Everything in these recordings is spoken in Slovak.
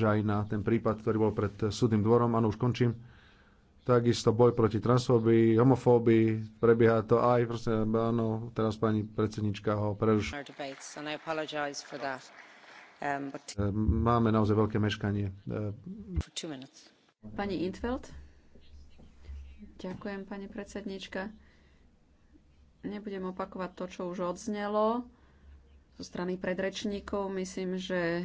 že aj na ten prípad, ktorý bol pred súdnym dvorom, áno, už končím, takisto boj proti transfóbii, homofóbii, prebieha to aj, proste, áno, teraz pani predsednička ho prerušila. Um, e, máme naozaj veľké meškanie. E, pani Intveld? Ďakujem, pani predsednička. Nebudem opakovať to, čo už odznelo zo strany predrečníkov. Myslím, že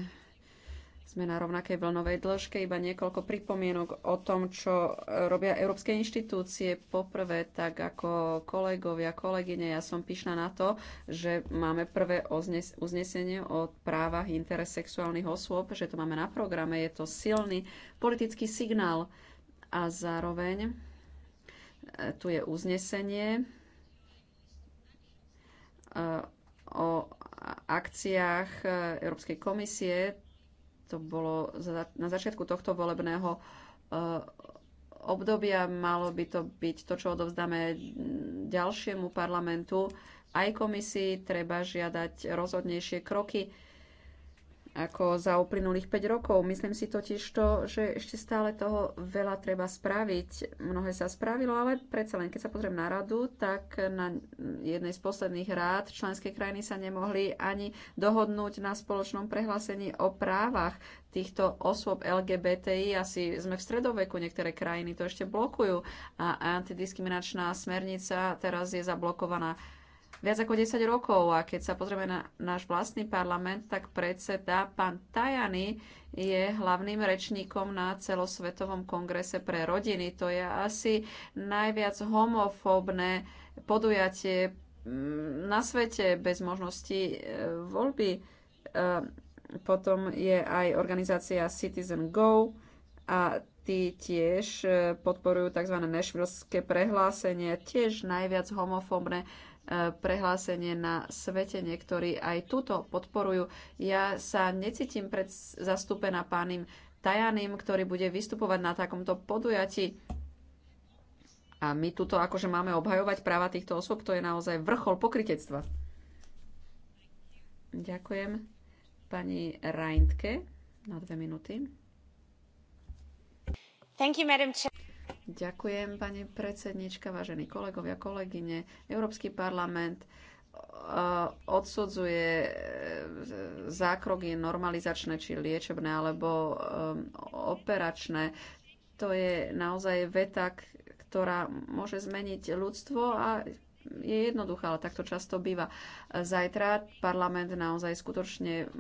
sme na rovnakej vlnovej dĺžke, iba niekoľko pripomienok o tom, čo robia európske inštitúcie. Poprvé, tak ako kolegovia, kolegyne, ja som pyšná na to, že máme prvé uznesenie o právach intersexuálnych osôb, že to máme na programe. Je to silný politický signál a zároveň e, tu je uznesenie e, o akciách e, Európskej komisie to bolo na začiatku tohto volebného eh, obdobia. Malo by to byť to, čo odovzdáme ďalšiemu parlamentu. Aj komisii treba žiadať rozhodnejšie kroky ako za uplynulých 5 rokov. Myslím si totiž to, že ešte stále toho veľa treba spraviť. Mnohé sa spravilo, ale predsa len, keď sa pozriem na radu, tak na jednej z posledných rád členské krajiny sa nemohli ani dohodnúť na spoločnom prehlásení o právach týchto osôb LGBTI. Asi sme v stredoveku, niektoré krajiny to ešte blokujú a antidiskriminačná smernica teraz je zablokovaná viac ako 10 rokov. A keď sa pozrieme na náš vlastný parlament, tak predseda pán Tajany je hlavným rečníkom na celosvetovom kongrese pre rodiny. To je asi najviac homofóbne podujatie mm, na svete bez možnosti e, voľby. E, potom je aj organizácia Citizen Go a tí tiež e, podporujú tzv. nešvilské prehlásenie, tiež najviac homofóbne E, prehlásenie na svete. Niektorí aj túto podporujú. Ja sa necítim pred zastúpená pánim Tajaným, ktorý bude vystupovať na takomto podujati. A my tuto akože máme obhajovať práva týchto osôb, to je naozaj vrchol pokritectva. Ďakujem pani Reintke na dve minúty. Thank you, Madam Chair. Ďakujem, pani predsednička, vážení kolegovia, kolegyne. Európsky parlament e, odsudzuje e, zákroky normalizačné, či liečebné, alebo e, operačné. To je naozaj veta, ktorá môže zmeniť ľudstvo a je jednoduchá, ale takto často býva. Zajtra parlament naozaj skutočne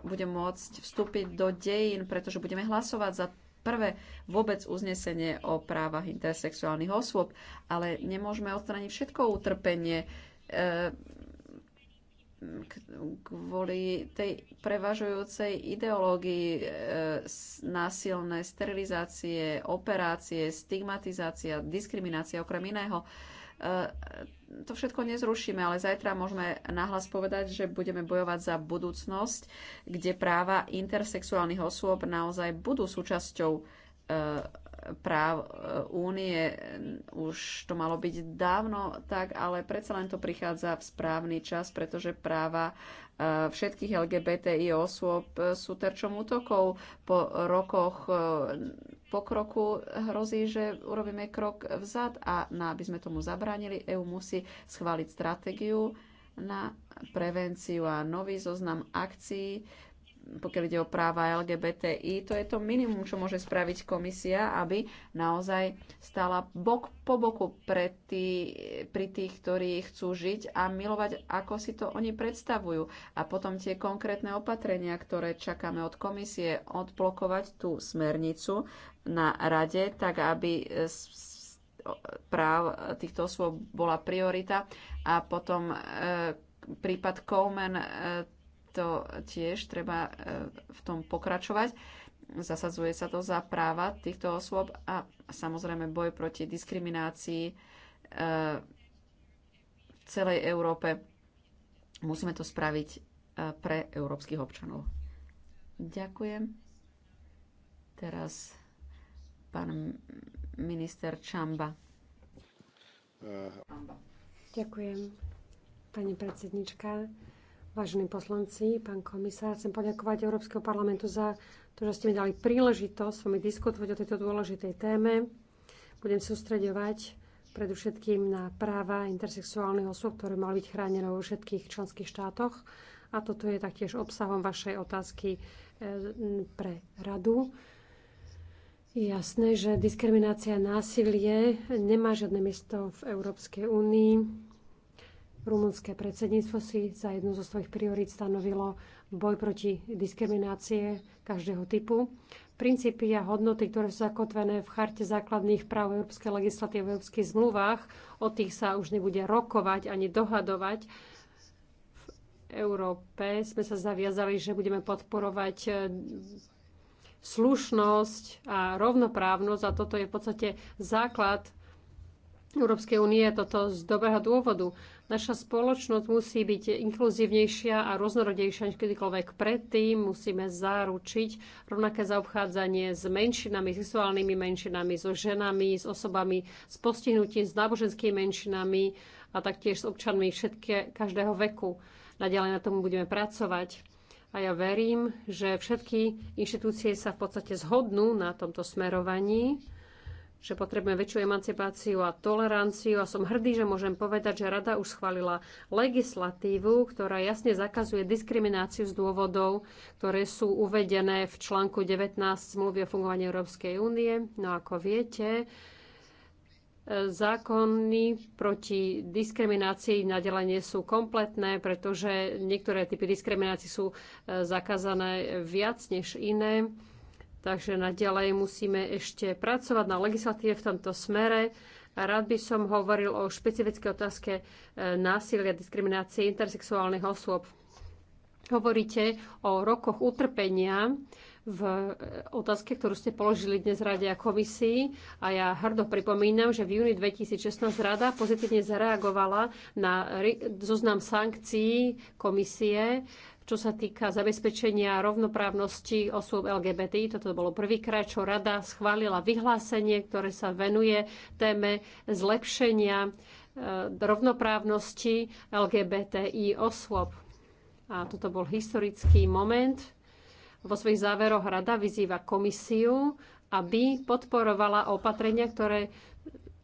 bude môcť vstúpiť do dejín, pretože budeme hlasovať za Prvé, vôbec uznesenie o právach intersexuálnych osôb, ale nemôžeme odstrániť všetko utrpenie e, kvôli tej prevažujúcej ideológii e, násilné sterilizácie, operácie, stigmatizácia, diskriminácia okrem iného. E, e, to všetko nezrušíme, ale zajtra môžeme nahlas povedať, že budeme bojovať za budúcnosť, kde práva intersexuálnych osôb naozaj budú súčasťou e, práv únie. Už to malo byť dávno tak, ale predsa len to prichádza v správny čas, pretože práva všetkých LGBTI osôb sú terčom útokov po rokoch pokroku hrozí, že urobíme krok vzad a na, aby sme tomu zabránili, EU musí schváliť stratégiu na prevenciu a nový zoznam akcií, pokiaľ ide o práva LGBTI, to je to minimum, čo môže spraviť komisia, aby naozaj stála bok po boku pre tí, pri tých, ktorí chcú žiť a milovať, ako si to oni predstavujú. A potom tie konkrétne opatrenia, ktoré čakáme od komisie, odblokovať tú smernicu na rade, tak aby práv týchto osôb bola priorita. A potom e, prípad Coleman, e, to tiež treba e, v tom pokračovať. Zasadzuje sa to za práva týchto osôb a samozrejme boj proti diskriminácii v celej Európe. Musíme to spraviť pre európskych občanov. Ďakujem. Teraz pán minister Čamba. Ďakujem, pani predsednička. Vážení poslanci, pán komisár, chcem poďakovať Európskeho parlamentu za to, že ste mi dali príležitosť s vami diskutovať o tejto dôležitej téme. Budem sústreďovať predovšetkým na práva intersexuálnych osôb, ktoré mali byť chránené vo všetkých členských štátoch. A toto je taktiež obsahom vašej otázky eh, pre radu. Je jasné, že diskriminácia a násilie nemá žiadne miesto v Európskej únii. Rumunské predsedníctvo si za jednu zo svojich priorít stanovilo boj proti diskriminácie každého typu. Princípy a hodnoty, ktoré sú zakotvené v charte základných práv Európskej legislatívy v európskych zmluvách, o tých sa už nebude rokovať ani dohadovať. V Európe sme sa zaviazali, že budeme podporovať slušnosť a rovnoprávnosť a toto je v podstate základ Európskej únie, toto z dobrého dôvodu. Naša spoločnosť musí byť inkluzívnejšia a rôznorodejšia než kedykoľvek predtým. Musíme zaručiť rovnaké zaobchádzanie s menšinami, sexuálnymi menšinami, so ženami, s osobami s postihnutím, s náboženskými menšinami a taktiež s občanmi všetké, každého veku. Naďalej na tom budeme pracovať a ja verím, že všetky inštitúcie sa v podstate zhodnú na tomto smerovaní, že potrebujeme väčšiu emancipáciu a toleranciu a som hrdý, že môžem povedať, že Rada už schválila legislatívu, ktorá jasne zakazuje diskrimináciu z dôvodov, ktoré sú uvedené v článku 19 zmluvy o fungovaní Európskej únie. No ako viete, Zákony proti diskriminácii nadelenie sú kompletné, pretože niektoré typy diskriminácií sú e, zakázané viac než iné. Takže naďalej musíme ešte pracovať na legislatíve v tomto smere. A rád by som hovoril o špecifické otázke e, násilia, diskriminácie intersexuálnych osôb. Hovoríte o rokoch utrpenia v e, otázke, ktorú ste položili dnes Rade a komisii. A ja hrdo pripomínam, že v júni 2016 Rada pozitívne zareagovala na zoznam sankcií komisie, čo sa týka zabezpečenia rovnoprávnosti osôb LGBTI. Toto bolo prvýkrát, čo Rada schválila vyhlásenie, ktoré sa venuje téme zlepšenia e, rovnoprávnosti LGBTI osôb. A toto bol historický moment vo svojich záveroch rada vyzýva komisiu, aby podporovala opatrenia, ktoré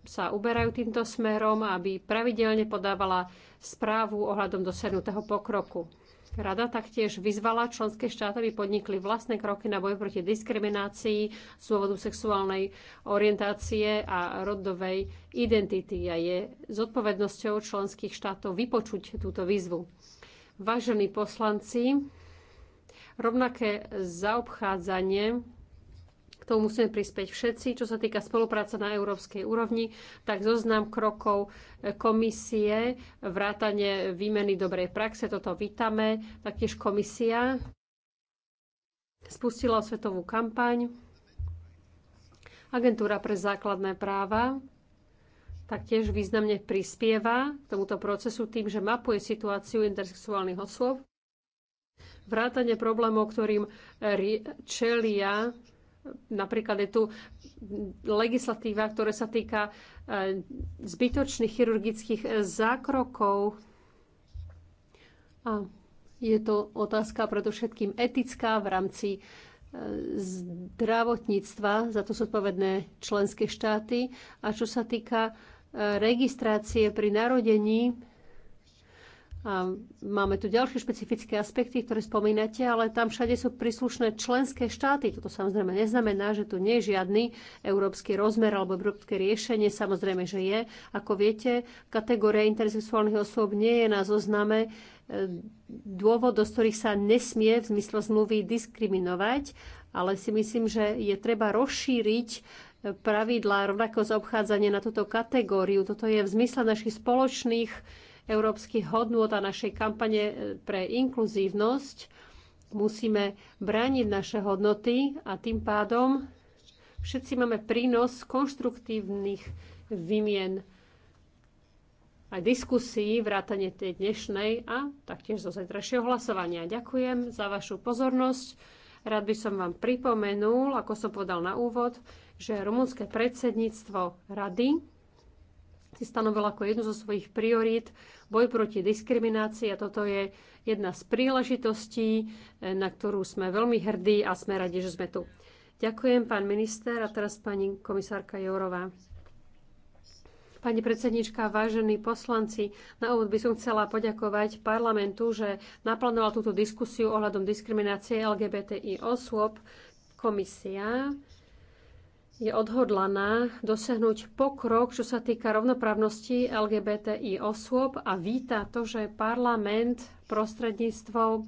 sa uberajú týmto smerom, aby pravidelne podávala správu ohľadom dosiahnutého pokroku. Rada taktiež vyzvala členské štáty, aby podnikli vlastné kroky na boj proti diskriminácii z dôvodu sexuálnej orientácie a rodovej identity a je zodpovednosťou členských štátov vypočuť túto výzvu. Vážení poslanci, Rovnaké zaobchádzanie k tomu musíme prispieť všetci. Čo sa týka spolupráce na európskej úrovni, tak zoznam krokov e, komisie, vrátanie výmeny dobrej praxe, toto vítame. Taktiež komisia spustila svetovú kampaň. Agentúra pre základné práva taktiež významne prispieva k tomuto procesu tým, že mapuje situáciu intersexuálnych osôb Vrátanie problémov, ktorým e, čelia, napríklad je tu legislatíva, ktorá sa týka e, zbytočných chirurgických e, zákrokov. A je to otázka predovšetkým etická v rámci zdravotníctva, za to sú odpovedné členské štáty. A čo sa týka registrácie pri narodení, a máme tu ďalšie špecifické aspekty, ktoré spomínate, ale tam všade sú príslušné členské štáty. Toto samozrejme neznamená, že tu nie je žiadny európsky rozmer alebo európske riešenie. Samozrejme, že je. Ako viete, kategória intersexuálnych osôb nie je na zozname e, dôvod, do ktorých sa nesmie v zmysle zmluvy diskriminovať, ale si myslím, že je treba rozšíriť e, pravidlá rovnako zaobchádzanie na túto kategóriu. Toto je v zmysle našich spoločných európskych hodnôt a našej kampane e, pre inkluzívnosť. Musíme brániť naše hodnoty a tým pádom všetci máme prínos konštruktívnych výmien aj diskusí, vrátane tej dnešnej a taktiež zo zajtrajšieho hlasovania. Ďakujem za vašu pozornosť. Rád by som vám pripomenul, ako som povedal na úvod, že rumunské predsedníctvo rady si stanovil ako jednu zo svojich priorít boj proti diskriminácii a toto je jedna z príležitostí, e, na ktorú sme veľmi hrdí a sme radi, že sme tu. Ďakujem, pán minister a teraz pani komisárka Jourová. Pani predsednička, vážení poslanci, na úvod by som chcela poďakovať parlamentu, že naplánoval túto diskusiu ohľadom diskriminácie LGBTI osôb. Komisia je odhodlaná dosiahnuť pokrok, čo sa týka rovnoprávnosti LGBTI osôb a víta to, že parlament prostredníctvom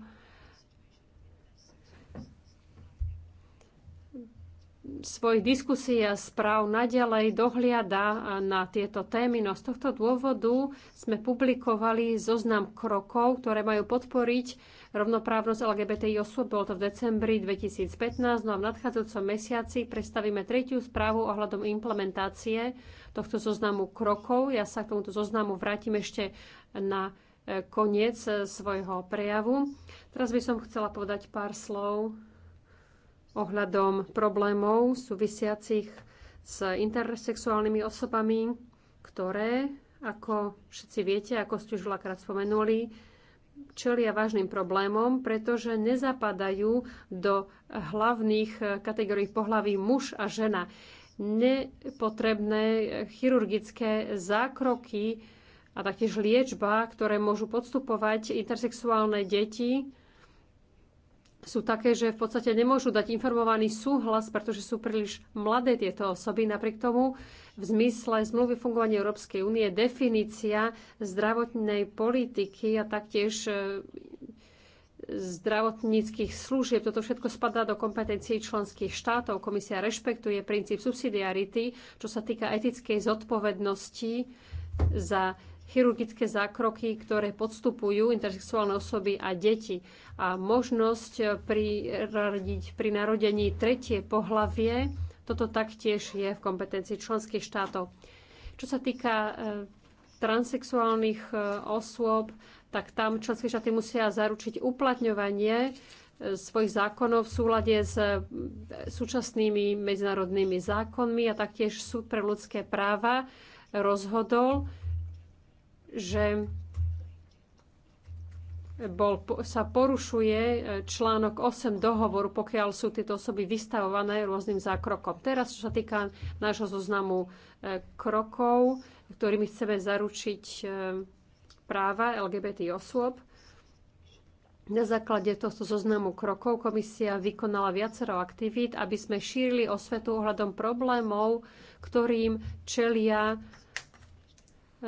svojich diskusí a správ naďalej dohliada na tieto témy. No z tohto dôvodu sme publikovali zoznam krokov, ktoré majú podporiť rovnoprávnosť LGBTI osôb. Bolo to v decembri 2015, no a v nadchádzajúcom mesiaci predstavíme tretiu správu ohľadom implementácie tohto zoznamu krokov. Ja sa k tomuto zoznamu vrátim ešte na e, koniec e, svojho prejavu. Teraz by som chcela povedať pár slov ohľadom problémov súvisiacich s intersexuálnymi osobami, ktoré, ako všetci viete, ako ste už veľakrát spomenuli, čelia vážnym problémom, pretože nezapadajú do hlavných eh, kategórií pohlaví muž a žena. Nepotrebné eh, chirurgické zákroky a taktiež liečba, ktoré môžu podstupovať intersexuálne deti, sú také, že v podstate nemôžu dať informovaný súhlas, pretože sú príliš mladé tieto osoby. Napriek tomu v zmysle zmluvy fungovania Európskej únie definícia zdravotnej politiky a taktiež e, zdravotníckých služieb. Toto všetko spadá do kompetencií členských štátov. Komisia rešpektuje princíp subsidiarity, čo sa týka etickej zodpovednosti za chirurgické zákroky, ktoré podstupujú intersexuálne osoby a deti. A možnosť priradiť pri narodení tretie pohlavie toto taktiež je v kompetencii členských štátov. Čo sa týka eh, transsexuálnych eh, osôb, tak tam členské štáty musia zaručiť uplatňovanie eh, svojich zákonov v súlade s súčasnými medzinárodnými zákonmi a taktiež súd pre ľudské práva rozhodol, že bol, sa porušuje e, článok 8 dohovoru, pokiaľ sú tieto osoby vystavované rôznym zákrokom. Teraz, čo sa týka nášho zoznamu e, krokov, ktorými chceme zaručiť e, práva LGBT osôb, na základe tohto zoznamu krokov komisia vykonala viacero aktivít, aby sme šírili osvetu ohľadom problémov, ktorým čelia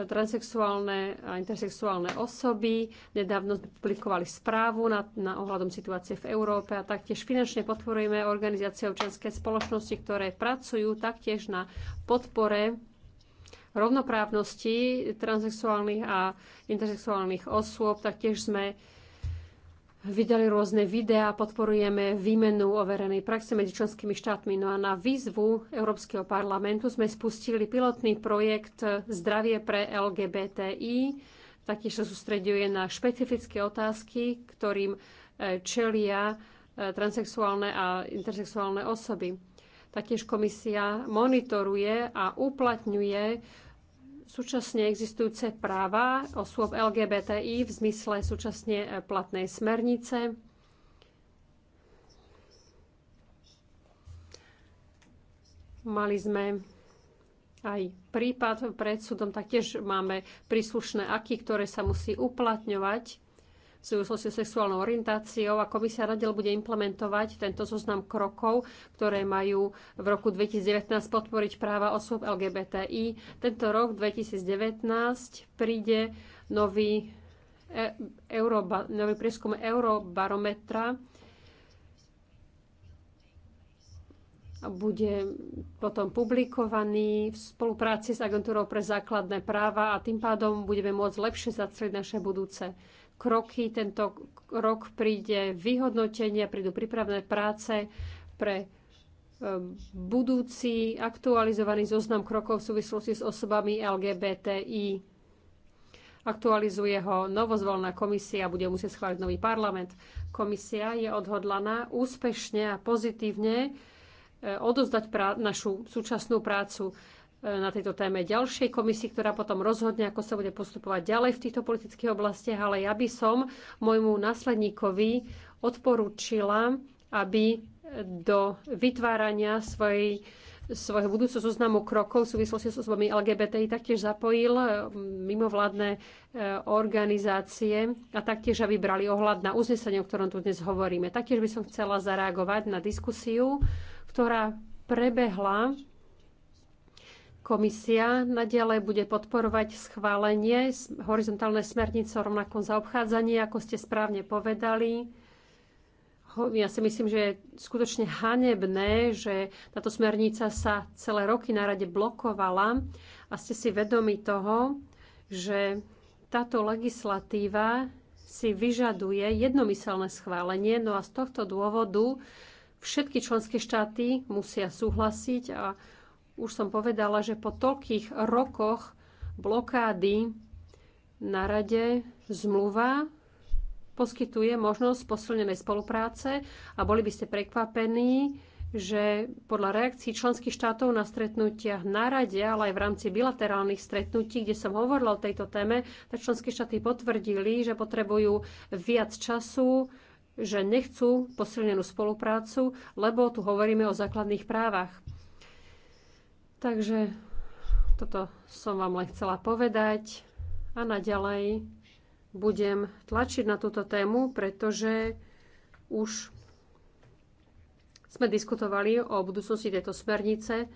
transsexuálne a intersexuálne osoby. Nedávno publikovali správu na, na ohľadom situácie v Európe a taktiež finančne podporujeme organizácie občianskej spoločnosti, ktoré pracujú taktiež na podpore rovnoprávnosti transexuálnych a intersexuálnych osôb. Taktiež sme vydali rôzne videá, podporujeme výmenu overenej praxe medzi členskými štátmi. No a na výzvu Európskeho parlamentu sme spustili pilotný projekt Zdravie pre LGBTI. Taktiež sa sústreduje na špecifické otázky, ktorým e, čelia e, transexuálne a intersexuálne osoby. Taktiež komisia monitoruje a uplatňuje súčasne existujúce práva osôb LGBTI v zmysle súčasne e, platnej smernice. Mali sme aj prípad pred súdom, taktiež máme príslušné aky, ktoré sa musí uplatňovať v súvislosti s sexuálnou orientáciou a komisia nadel bude implementovať tento zoznam krokov, ktoré majú v roku 2019 podporiť práva osôb LGBTI. Tento rok 2019 príde nový, e Euroba, nový prieskum Eurobarometra, bude potom publikovaný v spolupráci s agentúrou pre základné práva a tým pádom budeme môcť lepšie zacrieť naše budúce kroky. Tento rok príde vyhodnotenie, prídu prípravné práce pre e, budúci aktualizovaný zoznam krokov v súvislosti s osobami LGBTI. Aktualizuje ho novozvolná komisia, a bude musieť schváliť nový parlament. Komisia je odhodlaná úspešne a pozitívne e, odozdať našu súčasnú prácu. E, na tejto téme ďalšej komisii, ktorá potom rozhodne, ako sa bude postupovať ďalej v týchto politických oblastiach, ale ja by som môjmu následníkovi odporúčila, aby do vytvárania svojej svojho budúceho zoznamu krokov v súvislosti s osobami LGBTI taktiež zapojil e, mimovládne e, organizácie a taktiež, aby brali ohľad na uznesenie, o ktorom tu dnes hovoríme. Taktiež by som chcela zareagovať na diskusiu, ktorá prebehla Komisia naďalej bude podporovať schválenie horizontálnej smernice o rovnakom zaobchádzaní, ako ste správne povedali. Ja si myslím, že je skutočne hanebné, že táto smernica sa celé roky na rade blokovala a ste si vedomi toho, že táto legislatíva si vyžaduje jednomyselné schválenie, no a z tohto dôvodu všetky členské štáty musia súhlasiť a už som povedala, že po toľkých rokoch blokády na rade zmluva poskytuje možnosť posilnenej spolupráce a boli by ste prekvapení, že podľa reakcií členských štátov na stretnutiach na rade, ale aj v rámci bilaterálnych stretnutí, kde som hovorila o tejto téme, tak členské štáty potvrdili, že potrebujú viac času, že nechcú posilnenú spoluprácu, lebo tu hovoríme o základných právach. Takže toto som vám len chcela povedať a naďalej budem tlačiť na túto tému, pretože už sme diskutovali o budúcnosti tejto smernice,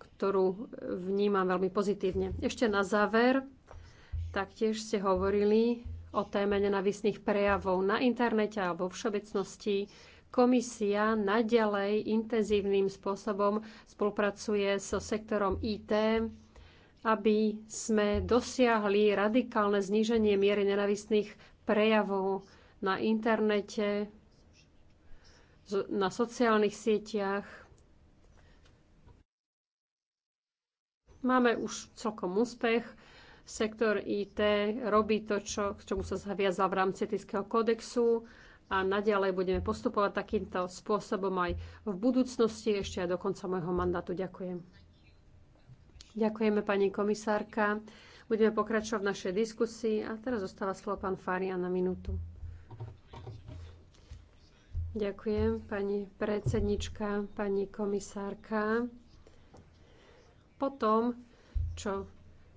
ktorú vnímam veľmi pozitívne. Ešte na záver, taktiež ste hovorili o téme nenavisných prejavov na internete alebo v všeobecnosti. Komisia naďalej intenzívnym spôsobom spolupracuje so sektorom IT, aby sme dosiahli radikálne zníženie miery nenavistných prejavov na internete, na sociálnych sieťach. Máme už celkom úspech. Sektor IT robí to, čo, k čomu sa zaviazal v rámci etického kodexu a naďalej budeme postupovať takýmto spôsobom aj v budúcnosti, ešte aj do konca môjho mandátu. Ďakujem. Ďakujeme, pani komisárka. Budeme pokračovať v našej diskusii a teraz zostáva slovo pán Fária na minútu. Ďakujem, pani predsednička, pani komisárka. Po tom, čo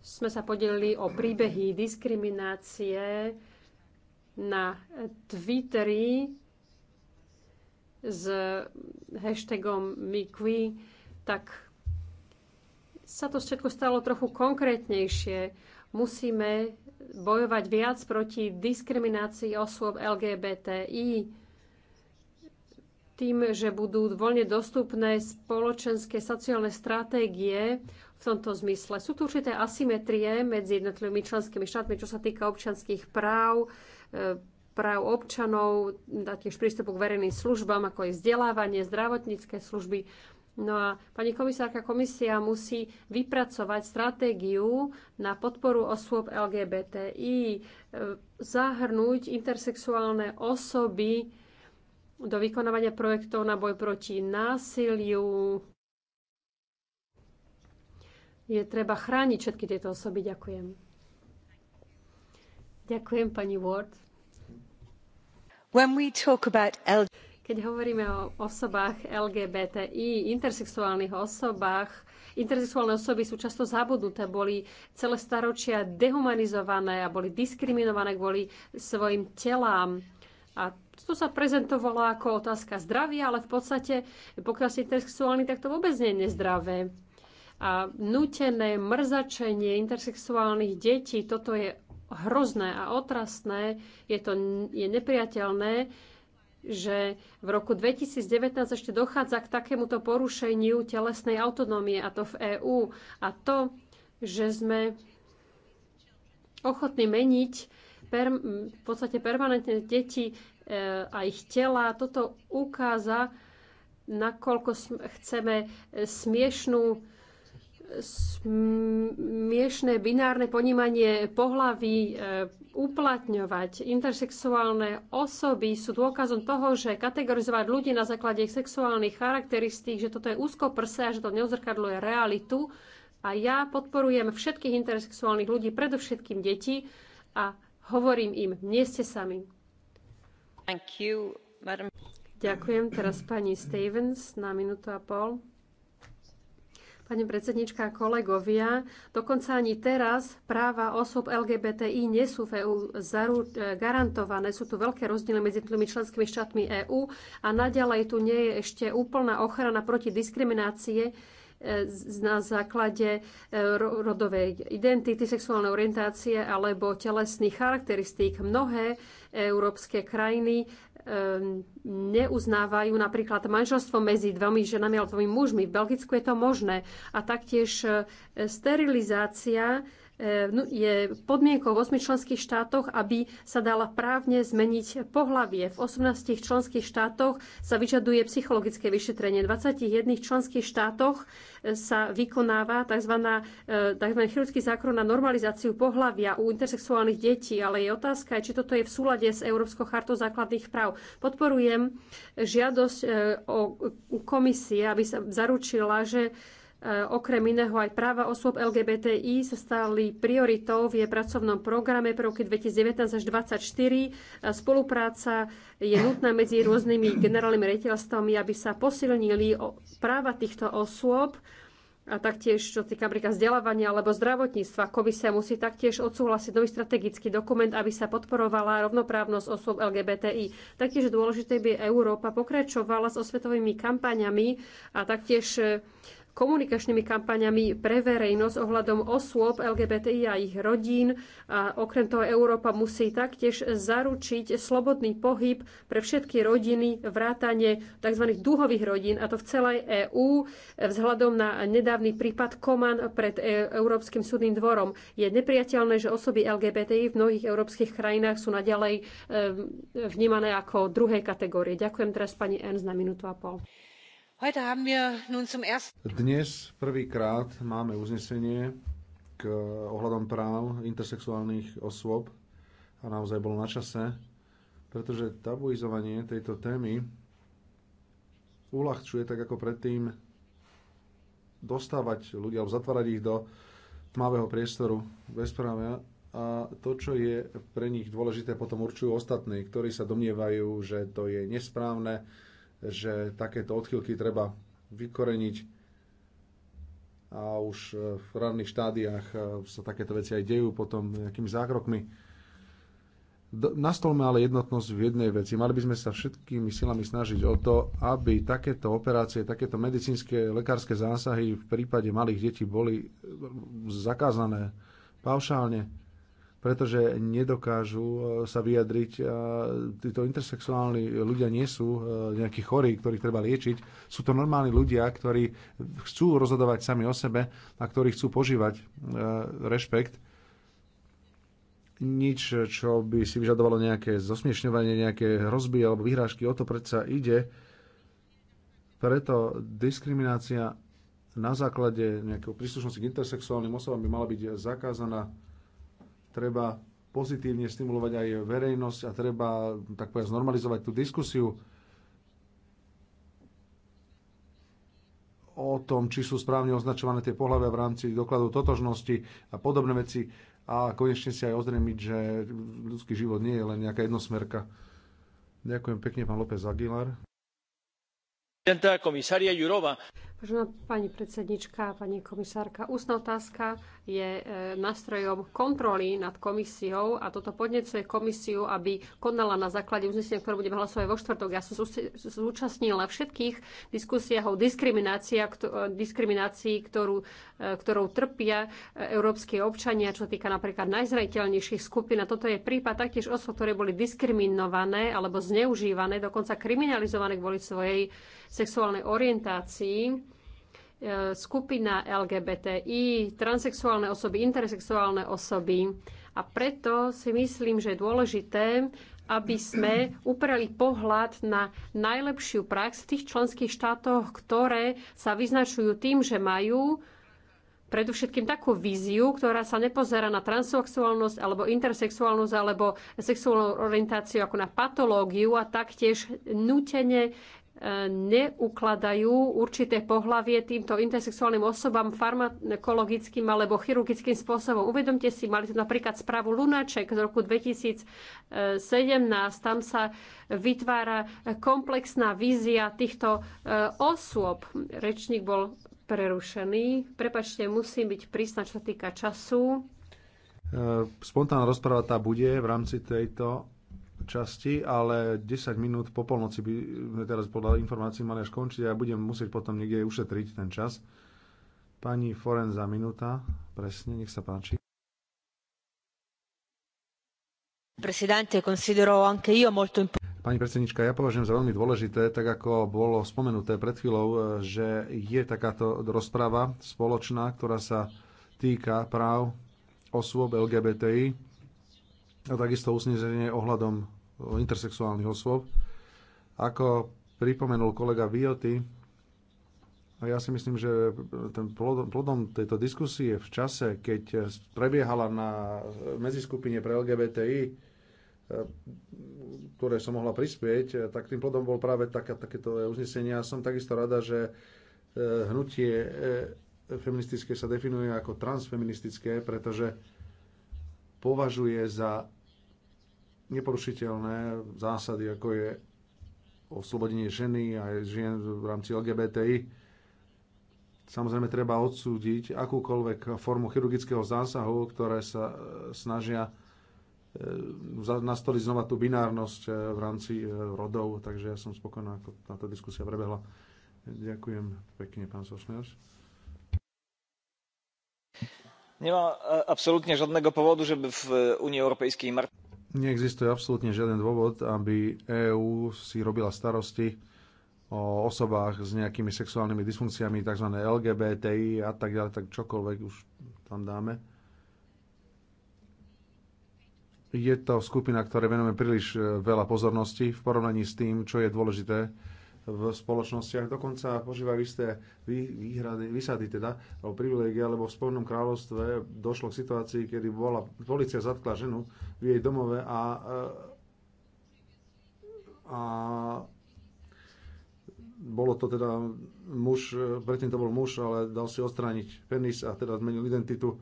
sme sa podelili o príbehy diskriminácie, na Twitteri s hashtagom MeQuee, tak sa to všetko stalo trochu konkrétnejšie. Musíme bojovať viac proti diskriminácii osôb LGBTI tým, že budú voľne dostupné spoločenské sociálne stratégie v tomto zmysle. Sú tu určité asymetrie medzi jednotlivými členskými štátmi, čo sa týka občianských práv, práv občanov, tiež prístupu k verejným službám, ako je vzdelávanie, zdravotnícke služby. No a pani komisárka, komisia musí vypracovať stratégiu na podporu osôb LGBTI, e, zahrnúť intersexuálne osoby do vykonávania projektov na boj proti násiliu. Je treba chrániť všetky tieto osoby. Ďakujem. Ďakujem, pani Ward. When we talk about L- keď hovoríme o osobách LGBTI, intersexuálnych osobách, intersexuálne osoby sú často zabudnuté, boli celé staročia dehumanizované a boli diskriminované kvôli svojim telám. A to sa prezentovalo ako otázka zdravia, ale v podstate, pokiaľ ste intersexuálny, tak to vôbec nie je nezdravé. A nutené mrzačenie intersexuálnych detí, toto je hrozné a otrasné, je to je nepriateľné, že v roku 2019 ešte dochádza k takémuto porušeniu telesnej autonómie, a to v EÚ. A to, že sme ochotní meniť per, v podstate permanentne deti e, a ich tela, toto ukáza, nakoľko chceme e, smiešnú smiešné binárne ponímanie pohlaví e, uplatňovať. Intersexuálne osoby sú dôkazom toho, že kategorizovať ľudí na základe ich sexuálnych charakteristík, že toto je úzko prse a že to neozrkadluje realitu. A ja podporujem všetkých intersexuálnych ľudí, predovšetkým deti, a hovorím im, nie ste sami. Thank you, madam. Ďakujem teraz pani Stevens na minútu a pol pani predsednička kolegovia. Dokonca ani teraz práva osob LGBTI nie sú v EÚ e, garantované. Sú tu veľké rozdiely medzi tými členskými štátmi EÚ a naďalej tu nie je ešte úplná ochrana proti diskriminácie e, na základe e, rodovej identity, sexuálnej orientácie alebo telesných charakteristík. Mnohé európske krajiny Ehm, neuznávajú napríklad manželstvo medzi dvomi ženami alebo dvomi mužmi. V Belgicku je to možné. A taktiež eh, sterilizácia E, je podmienkou v 8 členských štátoch, aby sa dala právne zmeniť pohlavie. V 18 členských štátoch sa vyžaduje psychologické vyšetrenie. V 21 členských štátoch e, sa vykonáva tzv. E, tzv. chirurgický zákon na normalizáciu pohlavia u intersexuálnych detí, ale je otázka, či toto je v súlade s Európskou chartou základných práv. Podporujem žiadosť o komisie, aby sa zaručila, že E, okrem iného aj práva osôb LGBTI sa stali prioritou v jej pracovnom programe pre roky 2019 až 2024. E, spolupráca je nutná medzi rôznymi generálnymi rejiteľstvami, aby sa posilnili práva týchto osôb a taktiež, čo týka napríklad vzdelávania alebo zdravotníctva, komisia musí taktiež odsúhlasiť nový strategický dokument, aby sa podporovala rovnoprávnosť osôb LGBTI. Taktiež dôležité by Európa pokračovala s osvetovými kampaňami a taktiež e, komunikačnými kampaňami pre verejnosť ohľadom osôb LGBTI a ich rodín. A okrem toho Európa musí taktiež zaručiť slobodný pohyb pre všetky rodiny, vrátanie tzv. duhových rodín, a to v celej EÚ. Vzhľadom na nedávny prípad Koman pred e Európskym súdnym dvorom je nepriateľné, že osoby LGBTI v mnohých európskych krajinách sú naďalej ehm, vnímané ako druhej kategórie. Ďakujem teraz pani Ernst na minútu a pol. Dnes prvýkrát máme uznesenie k ohľadom práv intersexuálnych osôb a naozaj bolo na čase, pretože tabuizovanie tejto témy uľahčuje tak ako predtým dostávať ľudia alebo zatvárať ich do tmavého priestoru bezprávia a to, čo je pre nich dôležité, potom určujú ostatní, ktorí sa domnievajú, že to je nesprávne, že takéto odchylky treba vykoreniť a už e, v ranných štádiách e, sa takéto veci aj dejú potom nejakými zákrokmi. Nastolme ale jednotnosť v jednej veci. Mali by sme sa všetkými silami snažiť o to, aby takéto operácie, takéto medicínske, lekárske zásahy v prípade malých detí boli e, zakázané paušálne pretože nedokážu e, sa vyjadriť. E, títo intersexuálni ľudia nie sú e, nejakí chorí, ktorých treba liečiť. Sú to normálni ľudia, ktorí chcú rozhodovať sami o sebe a ktorí chcú požívať rešpekt. Nič, čo by si vyžadovalo nejaké zosmiešňovanie, nejaké hrozby alebo vyhrážky, o to predsa ide. Preto diskriminácia na základe nejakého príslušnosti k intersexuálnym osobám by mala byť zakázaná treba pozitívne stimulovať aj verejnosť a treba, tak povedať, znormalizovať tú diskusiu o tom, či sú správne označované tie pohľavia v rámci dokladov totožnosti a podobné veci a konečne si aj ozremiť, že ľudský život nie je len nejaká jednosmerka. Ďakujem pekne, pán López Aguilar. Vážená pani predsedníčka, pani komisárka, ústna otázka je e, nástrojom kontroly nad komisiou a toto podnecuje komisiu, aby konala na základe uznesenia, ktoré budeme hlasovať vo štvrtok. Ja som zúčastnila všetkých diskusiách o diskriminácii, e, ktorú, e, ktorou trpia európske občania, čo týka napríklad najzraniteľnejších skupín. A toto je prípad taktiež osob, ktoré boli diskriminované alebo zneužívané, dokonca kriminalizované kvôli svojej sexuálnej orientácii, e, skupina LGBTI, transexuálne osoby, intersexuálne osoby. A preto si myslím, že je dôležité, aby sme upreli pohľad na najlepšiu prax v tých členských štátoch, ktoré sa vyznačujú tým, že majú predovšetkým takú víziu, ktorá sa nepozerá na transsexuálnosť alebo intersexuálnosť alebo sexuálnu orientáciu ako na patológiu a taktiež nutene neukladajú určité pohlavie týmto intersexuálnym osobám farmakologickým alebo chirurgickým spôsobom. Uvedomte si, mali tu napríklad správu Lunaček z roku 2017, tam sa vytvára komplexná vízia týchto e, osôb. Rečník bol prerušený. Prepačte, musím byť prísna, čo sa týka času. E, spontánna rozpráva tá bude v rámci tejto časti, ale 10 minút po polnoci by sme teraz podľa informácií mali až končiť a ja budem musieť potom niekde ušetriť ten čas. Pani Forenza minúta, presne, nech sa páči. Pani predsednička, ja považujem za veľmi dôležité, tak ako bolo spomenuté pred chvíľou, e, že je takáto rozprava spoločná, ktorá sa týka práv osôb LGBTI a takisto uznesenie ohľadom eh, intersexuálnych osôb. Ako pripomenul kolega Vioty, a ja si myslím, že ten plodom, plodom tejto diskusie v čase, keď prebiehala na medziskupine pre LGBTI, eh, ktoré som mohla prispieť, eh, tak tým plodom bol práve taká, takéto uznesenie. A som takisto rada, že hnutie feministické sa definuje ako transfeministické, pretože považuje za neporušiteľné zásady, ako je oslobodenie ženy a žien v rámci LGBTI. Samozrejme, treba odsúdiť akúkoľvek formu chirurgického zásahu, ktoré sa e, snažia e, nastoliť znova tú binárnosť e, v rámci rodov, takže ja som spokojná, ako táto diskusia prebehla. Ďakujem pekne, pán Sošňaš. Nemá e, absolútne žiadneho povodu, že by v e, Unii Európejskej mar... Neexistuje absolútne žiaden dôvod, aby EÚ si robila starosti o osobách s nejakými sexuálnymi dysfunkciami, tzv. LGBTI a tak ďalej, tak čokoľvek už tam dáme. Je to skupina, ktoré venujeme príliš e, veľa pozornosti v porovnaní s tým, čo je dôležité v spoločnostiach, dokonca požívajú isté výhrady, výsady teda, alebo privilégia, lebo v Spojenom kráľovstve došlo k situácii, kedy bola, policia zatkla ženu v jej domove a, a bolo to teda muž, predtým to bol muž, ale dal si odstrániť penis a teda zmenil identitu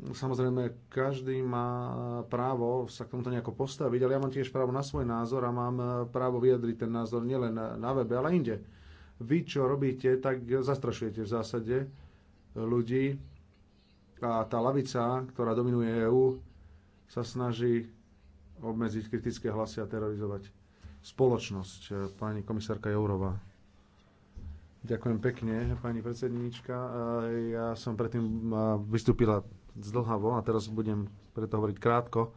Samozrejme, každý má právo sa k tomuto nejako postaviť, ale ja mám tiež právo na svoj názor a mám právo vyjadriť ten názor nielen na webe, ale inde. Vy, čo robíte, tak zastrašujete v zásade ľudí a tá lavica, ktorá dominuje EÚ, sa snaží obmedziť kritické hlasy a terorizovať spoločnosť. Pani komisárka Jourová. Ďakujem pekne, pani predsedníčka. Ja som predtým vystúpila zdlhavo a teraz budem preto hovoriť krátko.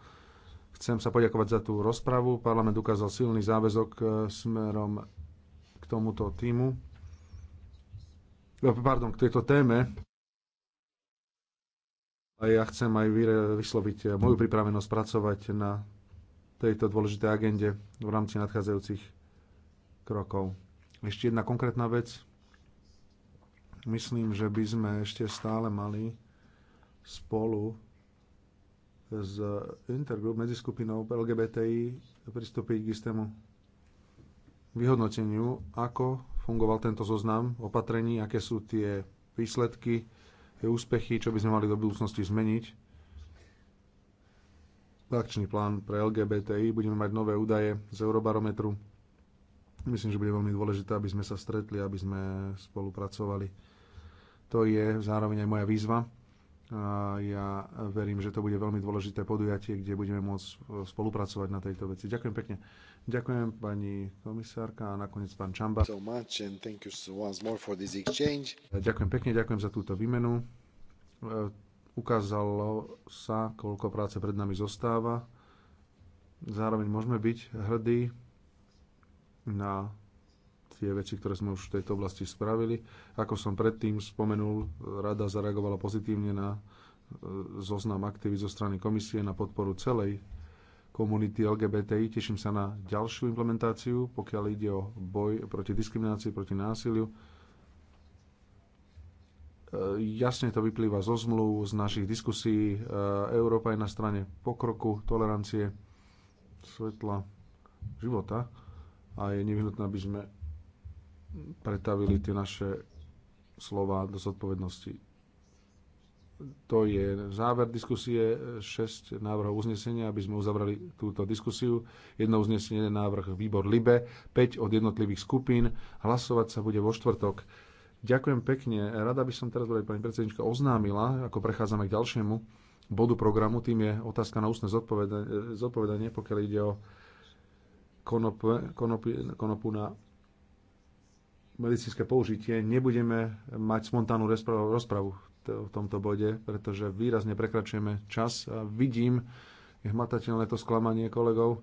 Chcem sa poďakovať za tú rozpravu. Parlament ukázal silný záväzok e, smerom k tomuto týmu. E, pardon, k tejto téme. A ja chcem aj vysloviť moju pripravenosť pracovať na tejto dôležitej agende v rámci nadchádzajúcich krokov. Ešte jedna konkrétna vec. Myslím, že by sme ešte stále mali spolu s intergroup medzi skupinou LGBTI pristúpiť k istému vyhodnoteniu, ako fungoval tento zoznam opatrení, aké sú tie výsledky, úspechy, čo by sme mali do budúcnosti zmeniť. Akčný plán pre LGBTI, budeme mať nové údaje z Eurobarometru. Myslím, že bude veľmi dôležité, aby sme sa stretli, aby sme spolupracovali. To je zároveň aj moja výzva a ja verím, že to bude veľmi dôležité podujatie, kde budeme môcť e, spolupracovať na tejto veci. Ďakujem pekne. Ďakujem pani komisárka a nakoniec pán Čamba. So ďakujem pekne, ďakujem za túto výmenu. E, ukázalo sa, koľko práce pred nami zostáva. Zároveň môžeme byť hrdí na tie veci, ktoré sme už v tejto oblasti spravili. Ako som predtým spomenul, rada zareagovala pozitívne na e, zoznam aktivít zo strany komisie na podporu celej komunity LGBTI. Teším sa na ďalšiu implementáciu, pokiaľ ide o boj proti diskriminácii, proti násiliu. E, jasne to vyplýva zo zmluv, z našich diskusí. E, Európa je na strane pokroku, tolerancie, svetla, života a je nevyhnutné, aby sme pretavili tie naše slova do zodpovednosti. To je záver diskusie, 6 návrhov uznesenia, aby sme uzavrali túto diskusiu. Jedno uznesenie, návrh výbor LIBE, 5 od jednotlivých skupín. Hlasovať sa bude vo štvrtok. Ďakujem pekne. Rada by som teraz, pani predsednička, oznámila, ako prechádzame k ďalšiemu bodu programu, tým je otázka na ústne zodpovedanie, zodpovedanie pokiaľ ide o konopu na medicínske použitie, nebudeme mať spontánnu rozpravu v tomto bode, pretože výrazne prekračujeme čas a vidím hmatateľné to sklamanie kolegov,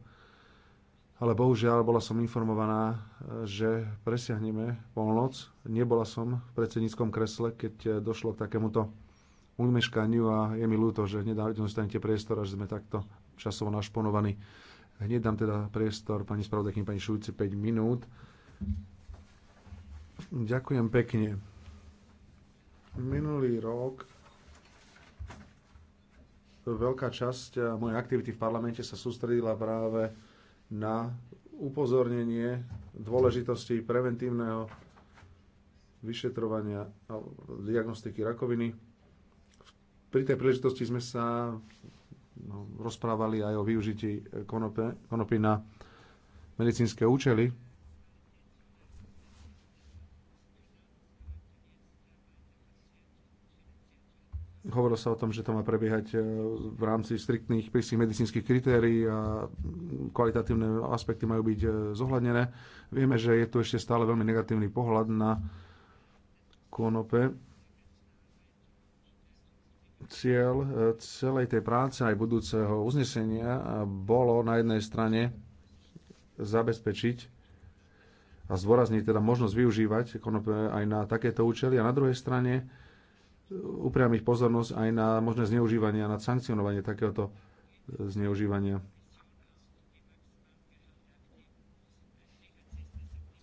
ale bohužiaľ bola som informovaná, že presiahneme polnoc. Nebola som v predsedníckom kresle, keď došlo k takémuto umeškaniu a je mi ľúto, že hneď dostanete priestor a že sme takto časovo našponovaní. Hneď dám teda priestor pani spravodajkyni pani Šujci 5 minút Ďakujem pekne. Minulý rok veľká časť mojej aktivity v parlamente sa sústredila práve na upozornenie dôležitosti preventívneho vyšetrovania a diagnostiky rakoviny. Pri tej príležitosti sme sa no, rozprávali aj o využití konope, konopy na medicínske účely Hovorilo sa o tom, že to má prebiehať e, v rámci striktných prísnych medicínskych kritérií a kvalitatívne aspekty majú byť e, zohľadnené. Vieme, že je tu ešte stále veľmi negatívny pohľad na konope. Cieľ e, celej tej práce aj budúceho uznesenia bolo na jednej strane zabezpečiť a zdôrazniť teda možnosť využívať konope aj na takéto účely a na druhej strane upriamiť pozornosť aj na možné zneužívanie a na sankcionovanie takéhoto e, zneužívania.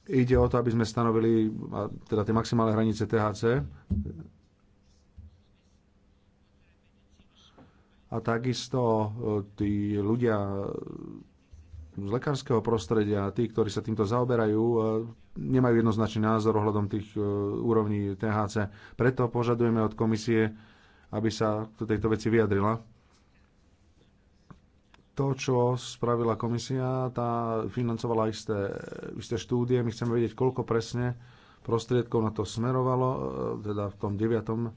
Ide o to, aby sme stanovili teda tie maximálne hranice THC a takisto e, tí ľudia z lekárskeho prostredia, tí, ktorí sa týmto zaoberajú, e, nemajú jednoznačný názor ohľadom tých e, úrovní THC. Preto požadujeme od komisie, aby sa do tejto veci vyjadrila. To, čo spravila komisia, tá financovala isté, isté štúdie. My chceme vedieť, koľko presne prostriedkov na to smerovalo, e, teda v tom deviatom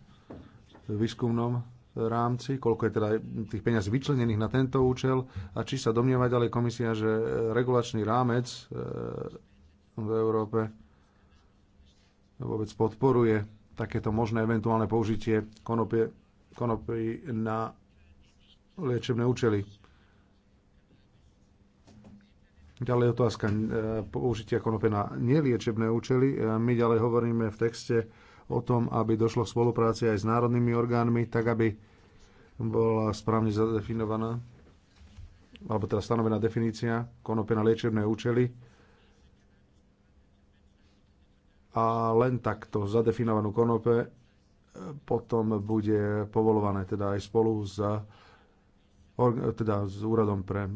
výskumnom rámci, koľko je teda tých peňazí vyčlenených na tento účel a či sa domnieva ďalej komisia, že e, regulačný rámec e, v Európe vôbec podporuje takéto možné eventuálne použitie konopie, konopy na liečebné účely. Ďalej otázka e, použitia konope na neliečebné účely. My ďalej hovoríme v texte o tom, aby došlo k spolupráci aj s národnými orgánmi, tak aby bola správne zadefinovaná, alebo teda stanovená definícia konope na liečebné účely. A len takto zadefinovanú konope e, potom bude povolované teda aj spolu s, e, teda s úradom pre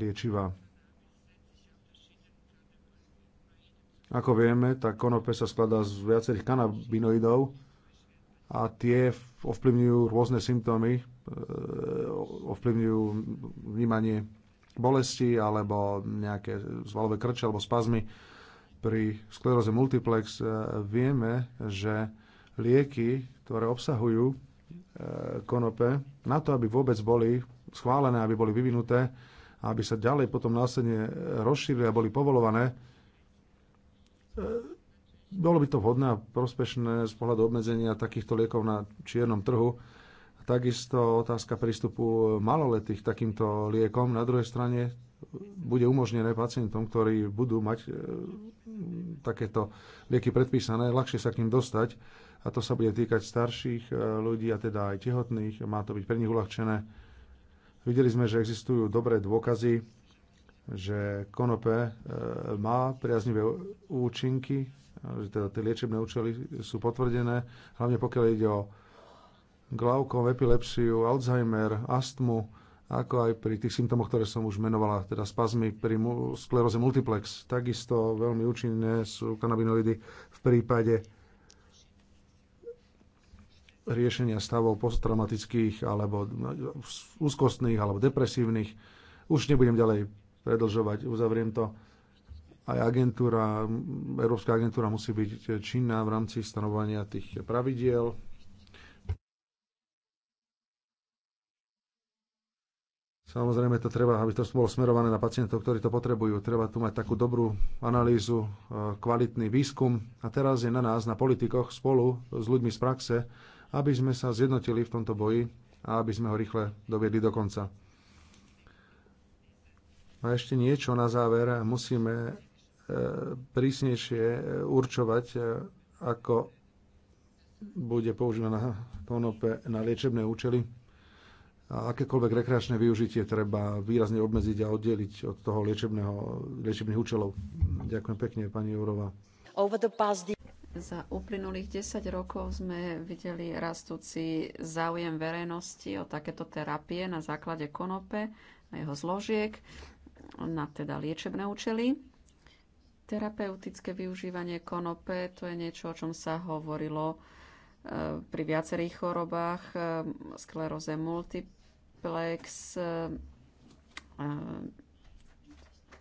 liečiva Ako vieme, tá konope sa skladá z viacerých kanabinoidov a tie ovplyvňujú rôzne symptómy, e, ovplyvňujú vnímanie bolesti alebo nejaké zvalové krče alebo spazmy. Pri skleróze multiplex e, vieme, že lieky, ktoré obsahujú e, konope, na to, aby vôbec boli schválené, aby boli vyvinuté, aby sa ďalej potom následne rozšírili a boli povolované, bolo by to vhodné a prospešné z pohľadu obmedzenia takýchto liekov na čiernom trhu. Takisto otázka prístupu maloletých takýmto liekom. Na druhej strane bude umožnené pacientom, ktorí budú mať e, takéto lieky predpísané, ľahšie sa k ním dostať. A to sa bude týkať starších e, ľudí a teda aj tehotných. Má to byť pre nich uľahčené. Videli sme, že existujú dobré dôkazy že konope e, má priaznivé účinky, e, že teda tie liečebné účely sú potvrdené, hlavne pokiaľ ide o glaukom, epilepsiu, Alzheimer, astmu, ako aj pri tých symptómoch, ktoré som už menovala, teda spazmy pri mu- skleróze multiplex. Takisto veľmi účinné sú kanabinoidy v prípade riešenia stavov posttraumatických alebo no, úzkostných alebo depresívnych. Už nebudem ďalej predlžovať. Uzavriem to. Aj agentúra, Európska agentúra musí byť činná v rámci stanovania tých pravidiel. Samozrejme, to treba, aby to bolo smerované na pacientov, ktorí to potrebujú. Treba tu mať takú dobrú analýzu, e, kvalitný výskum. A teraz je na nás, na politikoch, spolu s ľuďmi z praxe, aby sme sa zjednotili v tomto boji a aby sme ho rýchle doviedli do konca. A ešte niečo na záver. Musíme e, prísnejšie e, určovať, e, ako bude používaná konope na liečebné účely. A akékoľvek rekreačné využitie treba výrazne obmedziť a oddeliť od toho liečebného, liečebných účelov. Ďakujem pekne, pani Jurová. Za uplynulých 10 rokov sme videli rastúci záujem verejnosti o takéto terapie na základe konope a jeho zložiek na teda liečebné účely. Terapeutické využívanie konope, to je niečo, o čom sa hovorilo e, pri viacerých chorobách, e, skleróze multiplex, e,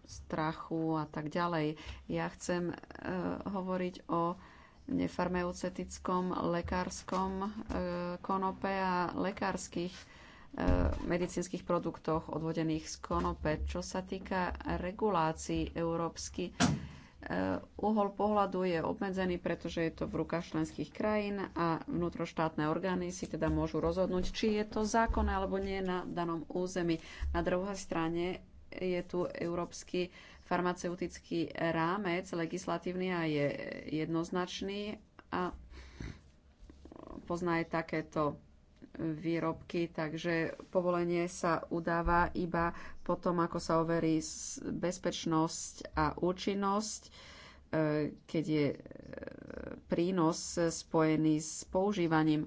strachu a tak ďalej. Ja chcem hovoriť o nefarmeucetickom, lekárskom konope a lekárskych Eh, medicínskych produktoch odvodených z konope. Čo sa týka regulácií, európsky eh, uhol pohľadu je obmedzený, pretože je to v rukách členských krajín a vnútroštátne orgány si teda môžu rozhodnúť, či je to zákonné alebo nie na danom území. Na druhej strane je tu európsky farmaceutický rámec legislatívny a je jednoznačný a pozná aj takéto výrobky, takže povolenie sa udáva iba potom, ako sa overí bezpečnosť a účinnosť, e, keď je e, prínos spojený s používaním.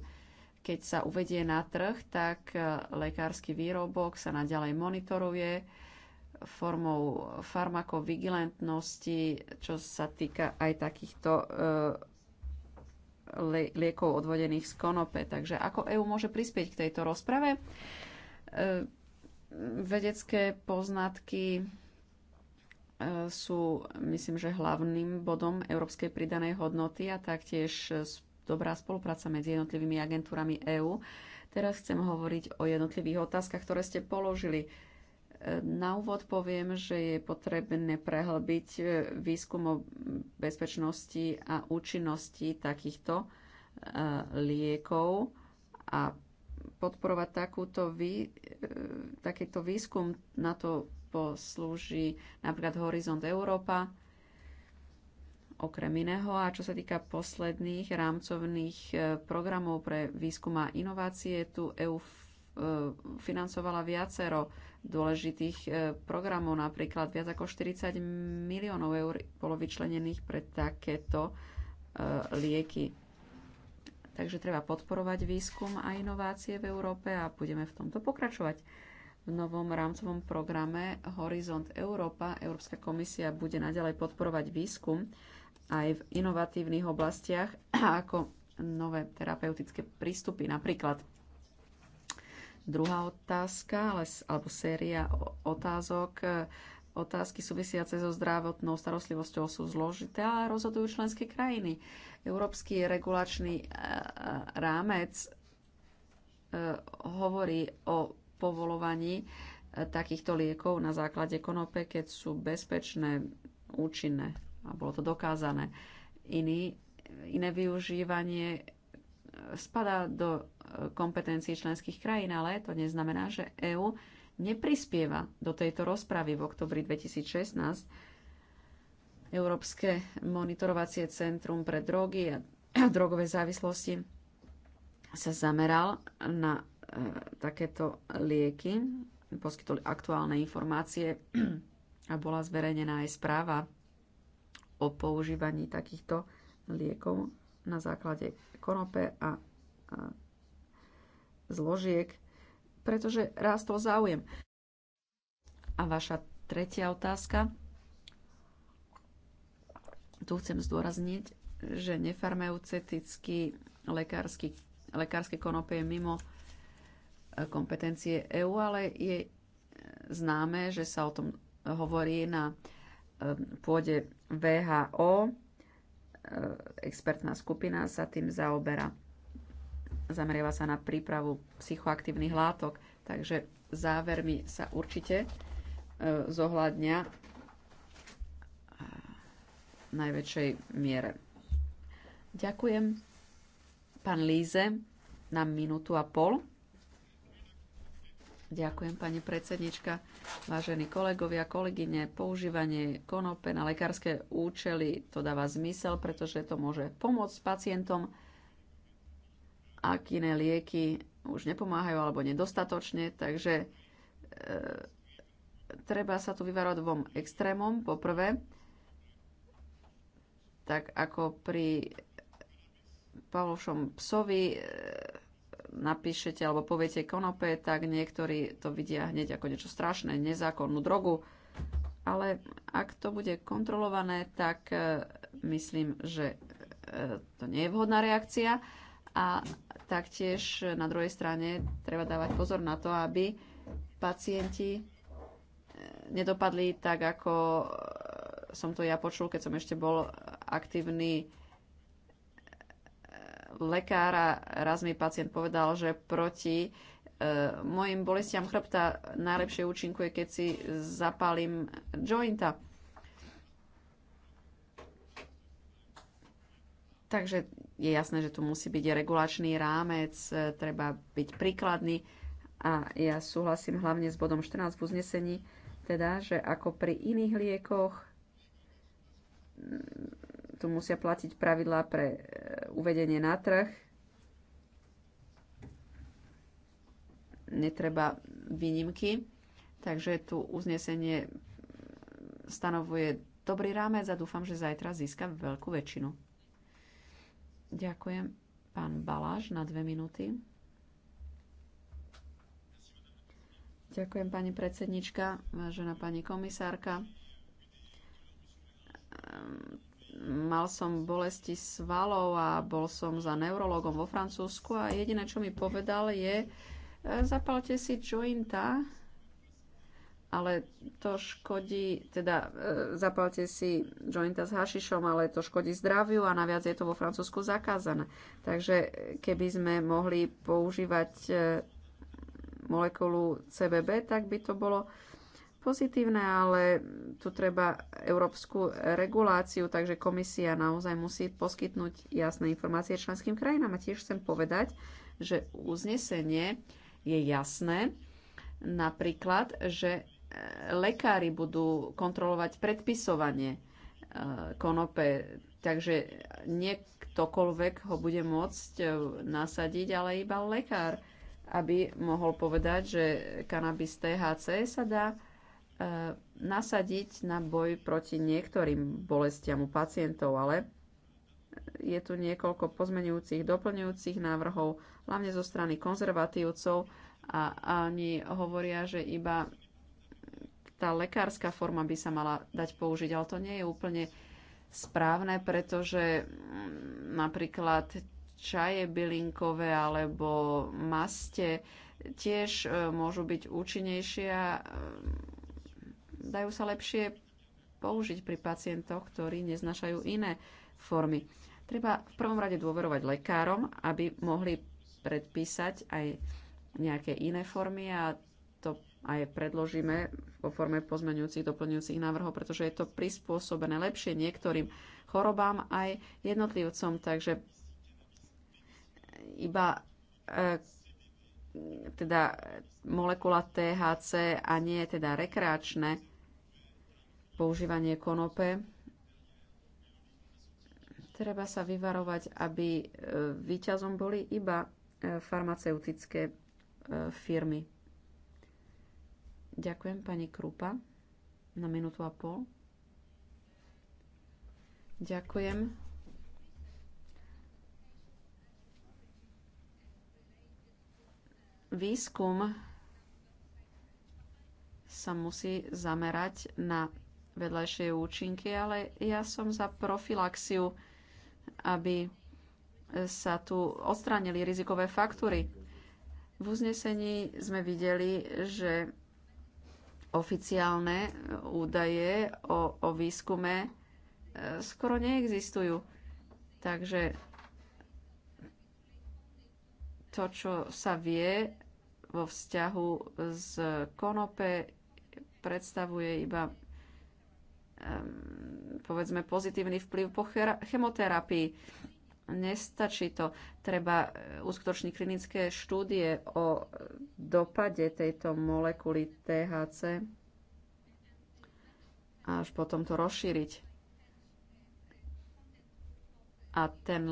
Keď sa uvedie na trh, tak e, lekársky výrobok sa naďalej monitoruje formou farmakovigilantnosti, čo sa týka aj takýchto liekov odvodených z konope. Takže ako EÚ môže prispieť k tejto rozprave? E, vedecké poznatky e, sú, myslím, že hlavným bodom európskej pridanej hodnoty a taktiež dobrá spolupráca medzi jednotlivými agentúrami EÚ. Teraz chcem hovoriť o jednotlivých otázkach, ktoré ste položili. Na úvod poviem, že je potrebné prehlbiť e, výskum o bezpečnosti a účinnosti takýchto e, liekov a podporovať takúto vý, e, takýto výskum. Na to poslúži napríklad Horizont Európa, okrem iného. A čo sa týka posledných rámcovných programov pre výskum a inovácie, tu EU financovala viacero dôležitých e, programov, napríklad viac ako 40 miliónov eur bolo vyčlenených pre takéto e, lieky. Takže treba podporovať výskum a inovácie v Európe a budeme v tomto pokračovať. V novom rámcovom programe Horizont Európa Európska komisia bude naďalej podporovať výskum aj v inovatívnych oblastiach ako nové terapeutické prístupy napríklad. Druhá otázka, ale, alebo séria otázok. E, otázky súvisiace so zdravotnou starostlivosťou sú zložité ale rozhodujú členské krajiny. Európsky regulačný e, e, rámec hovorí o povolovaní takýchto liekov na základe konope, keď sú bezpečné, účinné a bolo to dokázané. Iný, iné využívanie spadá do e, kompetencií členských krajín, ale to neznamená, že EÚ neprispieva do tejto rozpravy v oktobri 2016. Európske monitorovacie centrum pre drogy a drogové závislosti sa zameral na e, takéto lieky, poskytol aktuálne informácie a bola zverejnená aj správa o používaní takýchto liekov na základe konope a, a zložiek, pretože rástol záujem. A vaša tretia otázka. Tu chcem zdôrazniť, že nefarmaceutický lekársky, lekárske konope je mimo e, kompetencie EÚ, ale je e, známe, že sa o tom hovorí na e, pôde VHO E, expertná skupina sa tým zaoberá. Zameriava sa na prípravu psychoaktívnych látok, takže závermi sa určite e, zohľadňa e, v najväčšej miere. Ďakujem. Pán Líze, na minútu a pol. Ďakujem, pani predsednička. Vážení kolegovia, kolegyne, používanie konope na lekárske účely, to dáva zmysel, pretože to môže pomôcť pacientom, ak iné lieky už nepomáhajú alebo nedostatočne, takže e, treba sa tu vyvarovať dvom extrémom. Poprvé, tak ako pri Pavlovšom psovi, e, napíšete alebo poviete konope, tak niektorí to vidia hneď ako niečo strašné, nezákonnú drogu. Ale ak to bude kontrolované, tak e, myslím, že e, to nie je vhodná reakcia. A taktiež na druhej strane treba dávať pozor na to, aby pacienti e, nedopadli tak, ako som to ja počul, keď som ešte bol aktívny lekára. Raz mi pacient povedal, že proti e, mojim bolestiam chrbta najlepšie účinkuje, keď si zapalím jointa. Takže je jasné, že tu musí byť regulačný rámec, e, treba byť príkladný a ja súhlasím hlavne s bodom 14 v uznesení, teda, že ako pri iných liekoch tu musia platiť pravidlá pre e, uvedenie na trh. Netreba výnimky. Takže tu uznesenie stanovuje dobrý rámec a dúfam, že zajtra získa veľkú väčšinu. Ďakujem. Pán Baláš na dve minúty. Ďakujem, pani predsednička, vážená pani komisárka ehm, mal som bolesti svalov a bol som za neurologom vo Francúzsku a jediné, čo mi povedal, je e, zapalte si jointa, ale to škodí, teda e, zapalte si jointa s hašišom, ale to škodí zdraviu a naviac je to vo Francúzsku zakázané. Takže e, keby sme mohli používať molekulu CBB, tak by to bolo pozitívne, ale tu treba európsku reguláciu, takže komisia naozaj musí poskytnúť jasné informácie členským krajinám. A tiež chcem povedať, že uznesenie je jasné, napríklad, že e, lekári budú kontrolovať predpisovanie e, konope, takže niektokoľvek ho bude môcť e, nasadiť, ale iba lekár, aby mohol povedať, že kanabis THC sa dá Eh, nasadiť na boj proti niektorým bolestiam u pacientov, ale je tu niekoľko pozmenujúcich, doplňujúcich návrhov, hlavne zo strany konzervatívcov a, a oni hovoria, že iba tá lekárska forma by sa mala dať použiť, ale to nie je úplne správne, pretože mm, napríklad čaje bylinkové alebo maste tiež eh, môžu byť účinnejšie a dajú sa lepšie použiť pri pacientoch, ktorí neznašajú iné formy. Treba v prvom rade dôverovať lekárom, aby mohli predpísať aj nejaké iné formy a to aj predložíme vo forme pozmeňujúcich, doplňujúcich návrhov, pretože je to prispôsobené lepšie niektorým chorobám aj jednotlivcom, takže iba e, teda molekula THC a nie teda rekreačné používanie konope. Treba sa vyvarovať, aby e, výťazom boli iba e, farmaceutické e, firmy. Ďakujem pani Krupa na minútu a pol. Ďakujem. Výskum sa musí zamerať na vedľajšie účinky, ale ja som za profilaxiu, aby sa tu odstránili rizikové faktúry. V uznesení sme videli, že oficiálne údaje o, o výskume e, skoro neexistujú. Takže to, čo sa vie vo vzťahu z konope, predstavuje iba povedzme pozitívny vplyv po chemoterapii. Nestačí to. Treba e, uskutočniť klinické štúdie o e, dopade tejto molekuly THC a až potom to rozšíriť. A ten,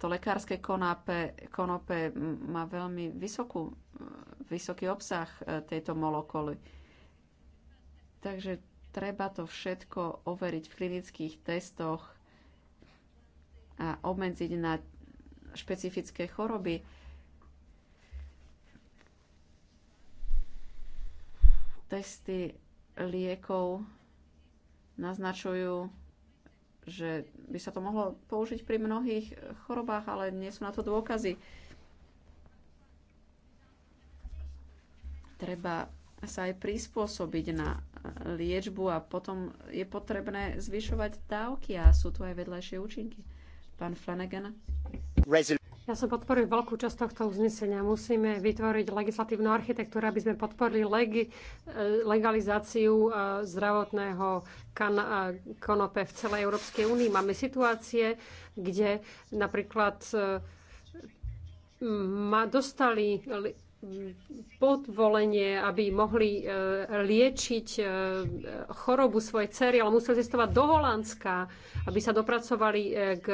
to lekárske konápe, konope má veľmi vysokú, e, vysoký obsah tejto molekuly. Takže Treba to všetko overiť v klinických testoch a obmedziť na špecifické choroby. Testy liekov naznačujú, že by sa to mohlo použiť pri mnohých chorobách, ale nie sú na to dôkazy. Treba sa aj prispôsobiť na liečbu a potom je potrebné zvyšovať dávky a sú tu aj vedľajšie účinky. Pán Flanagan. Ja som podporil veľkú časť tohto uznesenia. Musíme vytvoriť legislatívnu architektúru, aby sme podporili legi- legalizáciu e, zdravotného kan- e, konope v celej Európskej únii. Máme situácie, kde napríklad e, ma dostali podvolenie, aby mohli e, liečiť e, chorobu svojej cery, ale museli cestovať do Holandska, aby sa dopracovali e, k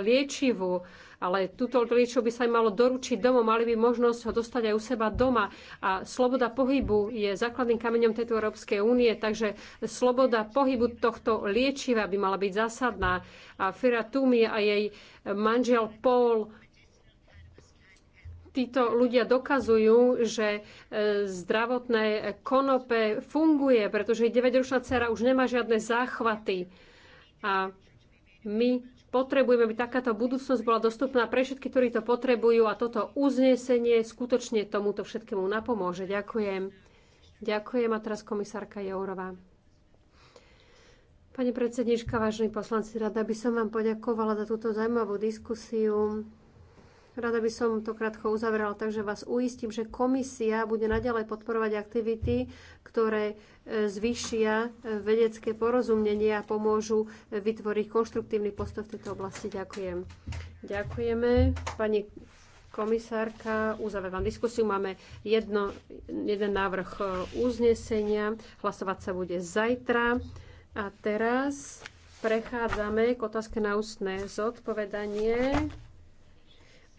liečivu. Ale túto liečivo by sa im malo doručiť domov, mali by možnosť ho dostať aj u seba doma. A sloboda pohybu je základným kameňom tejto Európskej únie, takže sloboda pohybu tohto liečiva by mala byť zásadná. A Fira Tumi a jej manžel Paul títo ľudia dokazujú, že e, zdravotné konope funguje, pretože 9-ročná dcera už nemá žiadne záchvaty. A my potrebujeme, aby takáto budúcnosť bola dostupná pre všetky, ktorí to potrebujú a toto uznesenie skutočne tomuto všetkému napomôže. Ďakujem. Ďakujem a teraz komisárka Jourová. Pani predsednička, vážení poslanci, rada by som vám poďakovala za túto zaujímavú diskusiu. Rada by som to krátko uzavrela, takže vás uistím, že komisia bude naďalej podporovať aktivity, ktoré e, zvýšia e, vedecké porozumenie a pomôžu e, vytvoriť konštruktívny postoj v tejto oblasti. Ďakujem. Ďakujeme. Pani komisárka, uzave diskusiu. Máme jedno, jeden návrh uznesenia. Hlasovať sa bude zajtra. A teraz prechádzame k otázke na ústne zodpovedanie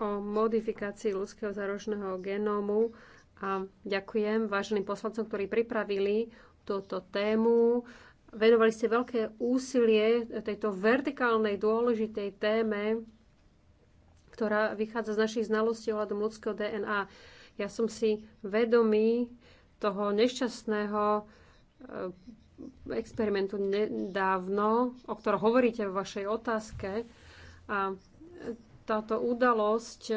o modifikácii ľudského zárožného genómu a ďakujem váženým poslancom, ktorí pripravili túto tému. Venovali ste veľké úsilie tejto vertikálnej dôležitej téme, ktorá vychádza z našich znalostí ohľadom ľudského DNA. Ja som si vedomý toho nešťastného eh, experimentu nedávno, o ktorom hovoríte vo vašej otázke. A táto udalosť e,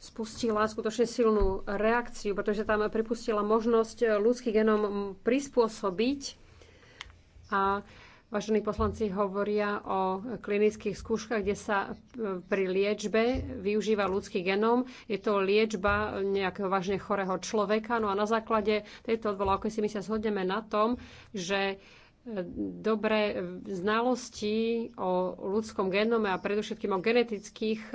spustila skutočne silnú reakciu, pretože tam pripustila možnosť e, ľudský genom prispôsobiť a Vážení poslanci hovoria o klinických skúškach, kde sa e, pri liečbe využíva ľudský genom. Je to liečba nejakého vážne chorého človeka. No a na základe tejto odvolávky si my sa zhodneme na tom, že dobré znalosti o ľudskom genome a predovšetkým o genetických e,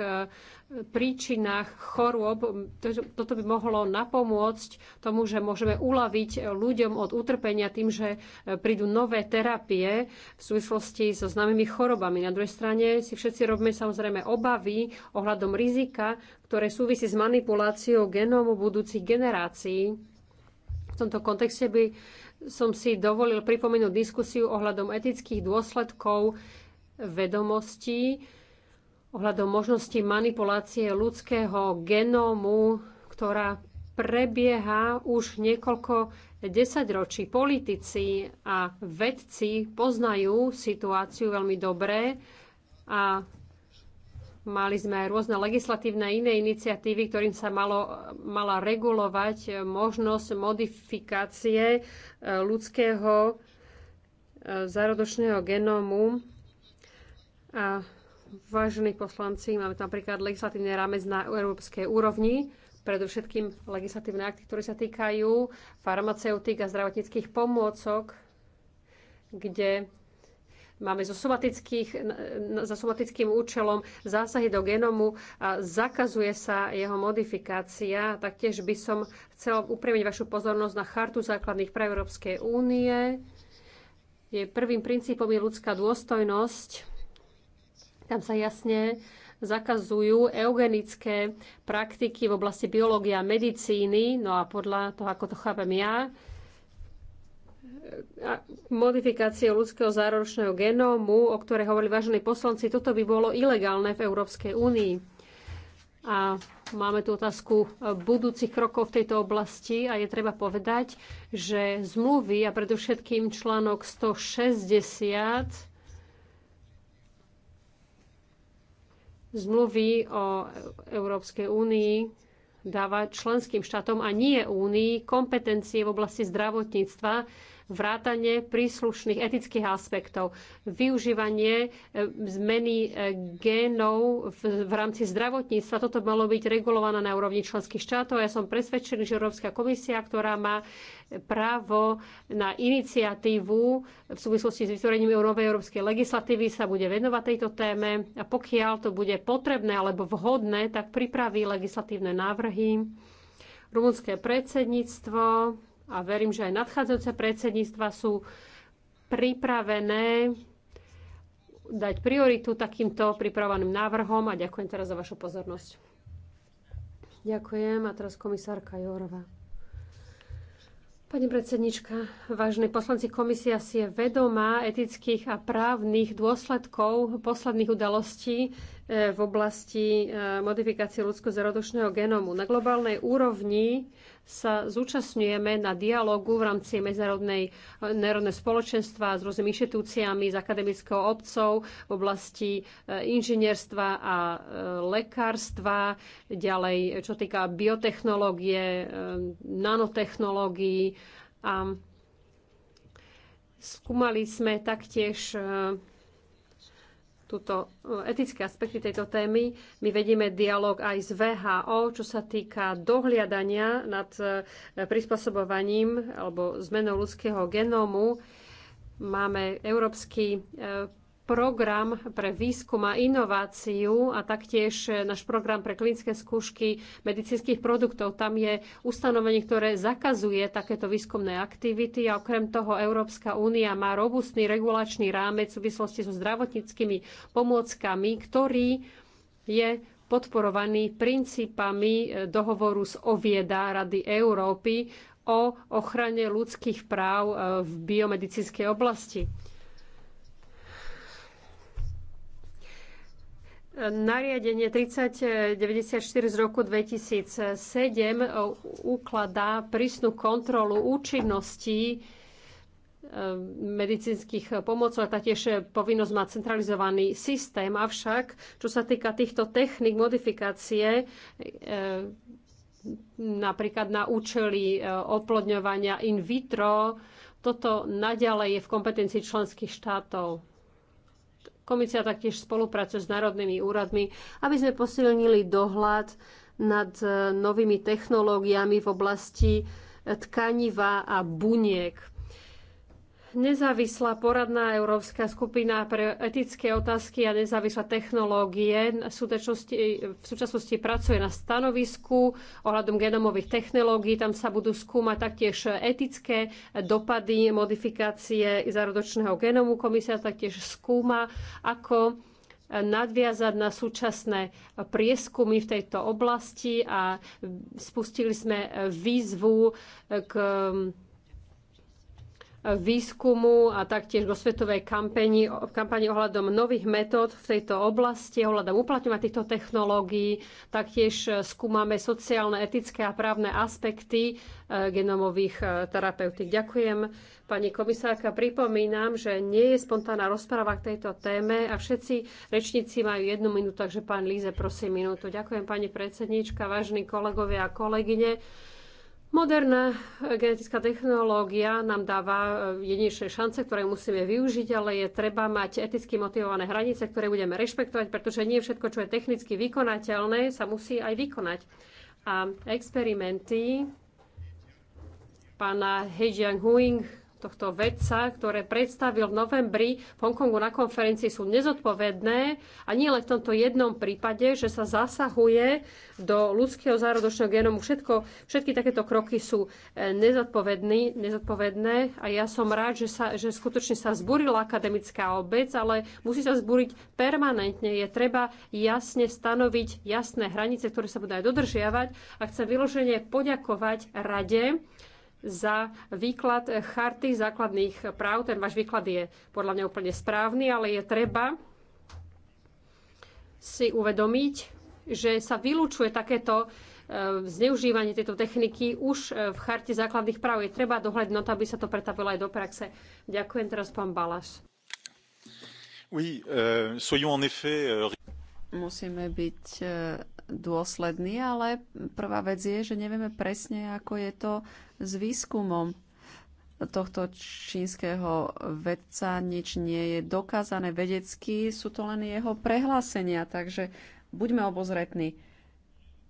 príčinách chorôb. Toto by mohlo napomôcť tomu, že môžeme uľaviť ľuďom od utrpenia tým, že e, prídu nové terapie v súvislosti so známymi chorobami. Na druhej strane si všetci robíme samozrejme obavy ohľadom rizika, ktoré súvisí s manipuláciou genómu budúcich generácií. V tomto kontexte by som si dovolil pripomenúť diskusiu ohľadom etických dôsledkov vedomostí, ohľadom možnosti manipulácie ľudského genómu, ktorá prebieha už niekoľko desaťročí. Politici a vedci poznajú situáciu veľmi dobre a Mali sme aj rôzne legislatívne iné iniciatívy, ktorým sa malo, mala regulovať možnosť modifikácie e, ľudského e, zárodočného genómu. A vážení poslanci, máme tam napríklad legislatívny rámec na európskej úrovni, predovšetkým legislatívne akty, ktoré sa týkajú farmaceutík a zdravotníckých pomôcok, kde Máme somatických, za somatickým účelom zásahy do genomu a zakazuje sa jeho modifikácia. Taktiež by som chcela upriamiť vašu pozornosť na Chartu základných práv Európskej únie. Je prvým princípom je ľudská dôstojnosť. Tam sa jasne zakazujú eugenické praktiky v oblasti biológia a medicíny. No a podľa toho, ako to chápem ja, modifikácie ľudského záročného genómu, o ktorej hovorili vážení poslanci, toto by bolo ilegálne v Európskej únii. A máme tu otázku budúcich krokov v tejto oblasti a je treba povedať, že zmluvy a predovšetkým článok 160 zmluvy o Európskej únii dáva členským štátom a nie únii kompetencie v oblasti zdravotníctva, vrátanie príslušných etických aspektov, využívanie e, zmeny e, génov v, rámci zdravotníctva. Toto malo byť regulované na úrovni členských štátov. Ja som presvedčený, že Európska komisia, ktorá má právo na iniciatívu v súvislosti s vytvorením novej európskej legislatívy sa bude venovať tejto téme a pokiaľ to bude potrebné alebo vhodné, tak pripraví legislatívne návrhy. Rumunské predsedníctvo a verím, že aj nadchádzajúce predsedníctva sú pripravené dať prioritu takýmto pripravovaným návrhom a ďakujem teraz za vašu pozornosť. Ďakujem a teraz komisárka Jorová. Pani predsednička, vážne poslanci, komisia si je vedomá etických a právnych dôsledkov posledných udalostí E, v oblasti e, modifikácie ľudsko-zerodočného genomu. Na globálnej úrovni sa zúčastňujeme na dialogu v rámci medzinárodnej e, národného spoločenstva s rôznymi inštitúciami, s akademickou obcov v oblasti inžinierstva a lekárstva, ďalej čo týka biotechnológie, nanotechnológií a skúmali sme taktiež túto e, etické aspekty tejto témy. My vedieme dialog aj s VHO, čo sa týka dohliadania nad e, prispôsobovaním alebo zmenou ľudského genómu. Máme Európsky e, program pre výskum a inováciu a taktiež náš program pre klinické skúšky medicínskych produktov. Tam je ustanovenie, ktoré zakazuje takéto výskumné aktivity a okrem toho Európska únia má robustný regulačný rámec v súvislosti so zdravotníckými pomôckami, ktorý je podporovaný princípami e, dohovoru z Ovieda Rady Európy o ochrane ľudských práv e, v biomedicínskej oblasti. Nariadenie 3094 z roku 2007 ukladá prísnu kontrolu účinnosti eh, medicínskych pomocov a taktiež povinnosť mať centralizovaný systém. Avšak, čo sa týka týchto technik modifikácie, eh, napríklad na účely eh, oplodňovania in vitro, toto naďalej je v kompetencii členských štátov. Komisia taktiež spolupracuje s národnými úradmi, aby sme posilnili dohľad nad eh, novými technológiami v oblasti tkaniva a buniek. Nezávislá poradná európska skupina pre etické otázky a nezávislé technológie v súčasnosti, v súčasnosti pracuje na stanovisku ohľadom genomových technológií. Tam sa budú skúmať taktiež etické dopady modifikácie zárodočného genomu. Komisia taktiež skúma, ako nadviazať na súčasné prieskumy v tejto oblasti a spustili sme výzvu k výskumu a taktiež vo svetovej kampani, kampani ohľadom nových metód v tejto oblasti, ohľadom uplatňovať týchto technológií. Taktiež e, skúmame sociálne, etické a právne aspekty e, genomových e, terapeutík. Ďakujem. Pani komisárka, pripomínam, že nie je spontánna rozpráva k tejto téme a všetci rečníci majú jednu minútu, takže pán Líze, prosím minútu. Ďakujem, pani predsednička, vážení kolegovia a kolegyne. Moderná eh, genetická technológia nám dáva eh, jedinečné šance, ktoré musíme využiť, ale je treba mať eticky motivované hranice, ktoré budeme rešpektovať, pretože nie všetko, čo je technicky vykonateľné, sa musí aj vykonať. A experimenty pána He Jiang Huing tohto vedca, ktoré predstavil v novembri v Hongkongu na konferencii, sú nezodpovedné a nie len v tomto jednom prípade, že sa zasahuje do ľudského zárodočného genomu. Všetko, všetky takéto kroky sú e, nezodpovedné a ja som rád, že, sa, že skutočne sa zburila akademická obec, ale musí sa zburiť permanentne. Je treba jasne stanoviť jasné hranice, ktoré sa budú aj dodržiavať a chcem vyloženie poďakovať rade, za výklad charty základných práv. Ten váš výklad je podľa mňa úplne správny, ale je treba si uvedomiť, že sa vylúčuje takéto e, zneužívanie tejto techniky už e, v charte základných práv. Je treba dohľadnúť, aby sa to pretavilo aj do praxe. Ďakujem teraz pán Balaš. Oui, euh, soyons en effet... Euh, Musíme byť e, dôsledný, ale prvá vec je, že nevieme presne, ako je to s výskumom tohto čínskeho vedca. Nič nie je dokázané vedecky, sú to len jeho prehlásenia, takže buďme obozretní.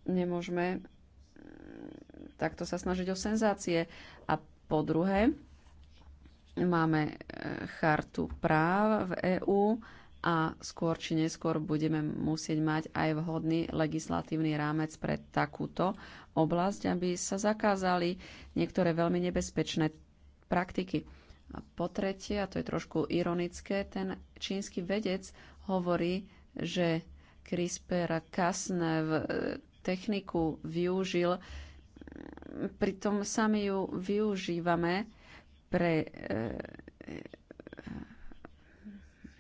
Nemôžeme takto sa snažiť o senzácie. A po druhé, máme e, chartu práv v EÚ, a skôr či neskôr budeme musieť mať aj vhodný legislatívny rámec pre takúto oblasť, aby sa zakázali niektoré veľmi nebezpečné praktiky. A po tretie, a to je trošku ironické, ten čínsky vedec hovorí, že crispr kasne v e, techniku využil pritom sami ju využívame pre e,